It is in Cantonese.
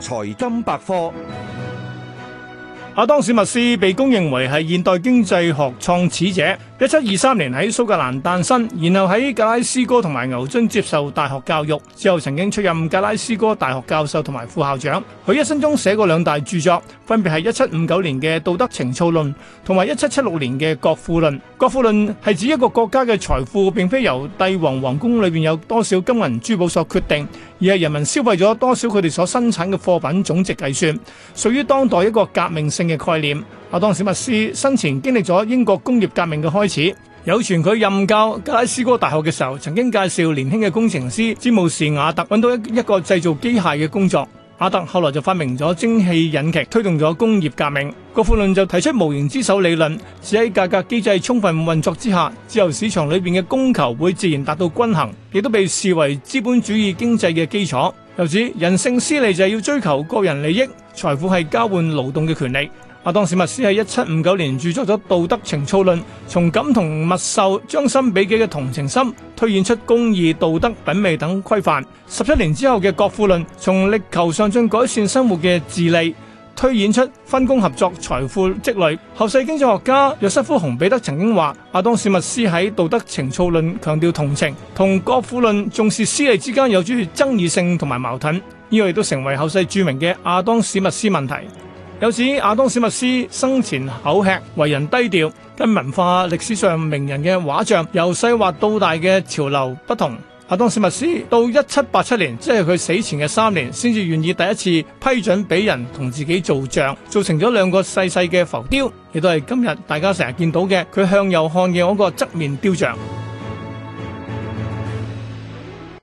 財金百科，阿當史密斯被公認為係現代經濟學創始者。一七二三年喺蘇格蘭誕生，然後喺格拉斯哥同埋牛津接受大學教育，之後曾經出任格拉斯哥大學教授同埋副校長。佢一生中寫過兩大著作，分別係一七五九年嘅《道德情操論》同埋一七七六年嘅《國富論》。《國富論》係指一個國家嘅財富，並非由帝王皇宮裏邊有多少金銀珠寶所決定，而係人民消費咗多少佢哋所生產嘅貨品總值計算，屬於當代一個革命性嘅概念。阿當史密斯生前經歷咗英國工業革命嘅開始，有傳佢任教格拉斯哥大學嘅時候，曾經介紹年輕嘅工程師詹姆士瓦特搵到一一個製造機械嘅工作。瓦特後來就發明咗蒸汽引擎，推動咗工業革命。國富論就提出無形之手理論，指喺價格機制充分運作之下，自由市場裏邊嘅供求會自然達到均衡，亦都被視為資本主義經濟嘅基礎。又指人性私利就係要追求個人利益，財富係交換勞動嘅權利。阿當史密斯喺一七五九年著作咗《道德情操論》，從感同身受、將心比己嘅同情心，推演出公義、道德、品味等規範。十七年之後嘅《國富論》，從力求上進改善生活嘅自利，推演出分工合作、財富積累。後世經濟學家約瑟夫熊彼得曾經話：阿當史密斯喺《道德情操論》強調同情，同《國富論》重視私利之間有啲爭議性同埋矛盾，呢、這個亦都成為後世著名嘅阿當史密斯問題。有指亞當史密斯生前口吃，為人低調，跟文化歷史上名人嘅畫像由細畫到大嘅潮流不同。亞當史密斯到一七八七年，即係佢死前嘅三年，先至願意第一次批准俾人同自己做像，做成咗兩個細細嘅浮雕，亦都係今日大家成日見到嘅，佢向右看嘅嗰個側面雕像。